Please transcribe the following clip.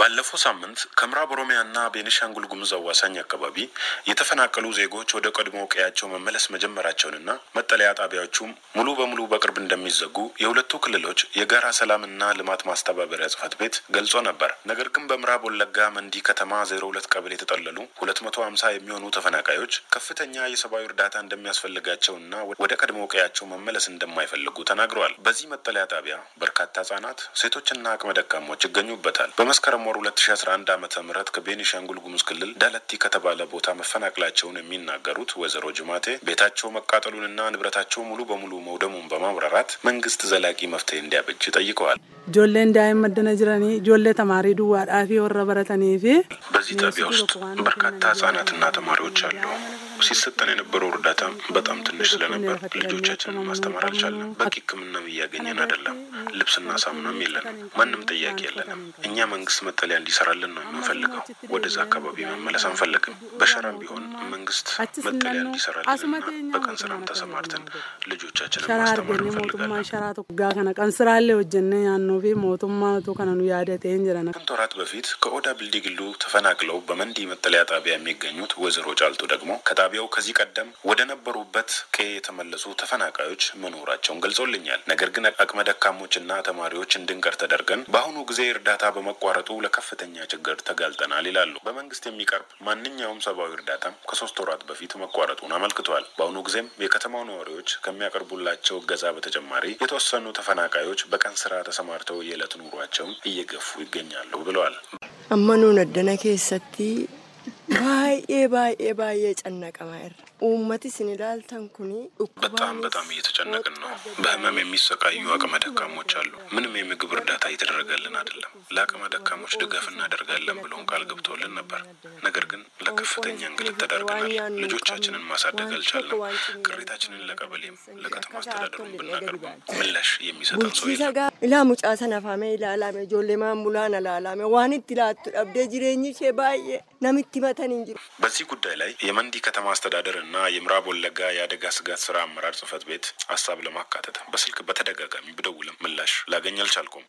ባለፈው ሳምንት ከምዕራብ ኦሮሚያና ቤኒሻንጉል ጉሙዝ አዋሳኝ አካባቢ የተፈናቀሉ ዜጎች ወደ ቀድሞ ቀያቸው መመለስ መጀመራቸውንና መጠለያ ጣቢያዎቹም ሙሉ በሙሉ በቅርብ እንደሚዘጉ የሁለቱ ክልሎች የጋራ ሰላምና ልማት ማስተባበሪያ ጽፈት ቤት ገልጾ ነበር። ነገር ግን በምዕራብ ወለጋ መንዲ ከተማ ዜሮ ሁለት ቀበሌ የተጠለሉ ሁለት መቶ ሀምሳ የሚሆኑ ተፈናቃዮች ከፍተኛ የሰብአዊ እርዳታ እንደሚያስፈልጋቸውና ወደ ቀድሞ ቀያቸው መመለስ እንደማይፈልጉ ተናግረዋል። በዚህ መጠለያ ጣቢያ በርካታ ህጻናት፣ ሴቶችና አቅመ ደካሞች ይገኙበታል። በመስከረ መስከረም ወር 2011 ዓ ም ከቤኒሻንጉል ጉሙዝ ክልል ዳለቲ ከተባለ ቦታ መፈናቀላቸውን የሚናገሩት ወይዘሮ ጅማቴ ቤታቸው መቃጠሉንና ንብረታቸው ሙሉ በሙሉ መውደሙን በማብራራት መንግስት ዘላቂ መፍትሄ እንዲያበጅ ጠይቀዋል። ጆሌ እንዳይመደነ ጅረኒ ጆሌ ተማሪ ዱዋ ዳፊ ወረ በዚህ ጣቢያ ውስጥ በርካታ ህጻናትና ተማሪዎች አሉ። ሲሰጠን የነበረው እርዳታ በጣም ትንሽ ስለነበር ልጆቻችንን ማስተማር አልቻለም። በቂ ሕክምናም እያገኘን አይደለም። ልብስና ሳሙናም የለንም። ማንም ጥያቄ የለንም። እኛ መንግስት መጠለያ እንዲሰራልን ነው የምንፈልገው። ወደዛ አካባቢ መመለስ አንፈልግም። በሸራም ቢሆን መንግስት መጠለያ እንዲሰራልንና በቀን ስራም ተሰማርተን ልጆቻችንን ማስተማር እንፈልጋለን። ከስንት ወራት በፊት ከኦዳ ብልዲግሉ ተፈናቅለው በመንዲ መጠለያ ጣቢያ የሚገኙት ወይዘሮ ጫልቱ ደግሞ ጣቢያው ከዚህ ቀደም ወደ ነበሩበት ቀዬ የተመለሱ ተፈናቃዮች መኖራቸውን ገልጾልኛል። ነገር ግን አቅመ ደካሞችና ተማሪዎች እንድንቀር ተደርገን በአሁኑ ጊዜ እርዳታ በመቋረጡ ለከፍተኛ ችግር ተጋልጠናል ይላሉ። በመንግስት የሚቀርብ ማንኛውም ሰብአዊ እርዳታም ከሶስት ወራት በፊት መቋረጡን አመልክቷል። በአሁኑ ጊዜም የከተማው ነዋሪዎች ከሚያቀርቡላቸው እገዛ በተጨማሪ የተወሰኑ ተፈናቃዮች በቀን ስራ ተሰማርተው የዕለት ኑሯቸውን እየገፉ ይገኛሉ ብለዋል። አመኑ ነደነ ኬሰቲ ባዬ ባዬ ባዬ ጨነቀ ማየር ኡመት ስን ኩኒ በጣም በጣም እየተጨነቅን ነው። በህመም የሚሰቃዩ አቅመ ደካሞች አሉ። ምንም የምግብ እርዳታ እየተደረገልን አይደለም። ለአቅመ ደካሞች ድጋፍ እናደርጋለን ብሎን ቃል ገብቶልን ነበር። ነገር ግን ለከፍተኛ እንግልት ተዳርገናል። ልጆቻችንን ማሳደግ አልቻለም። ቅሬታችንን ለቀበሌም ለከተማ አስተዳደሩ ብናቀርብም ምላሽ የሚሰጠን ሰው የለም። ilaa mucaa sana afamee ilaalame ijoollee maamulaan alaalame waan itti laattu dhabdee jireenyi ishee baay'ee namitti matan hin jiru. guddaa በዚህ ጉዳይ ላይ የመንዲ ከተማ አስተዳደር እና የምዕራብ ወለጋ የአደጋ ስጋት ስራ አመራር ጽህፈት ቤት ሀሳብ ለማካተት በስልክ በተደጋጋሚ ብደውልም ምላሽ ላገኝ አልቻልኩም።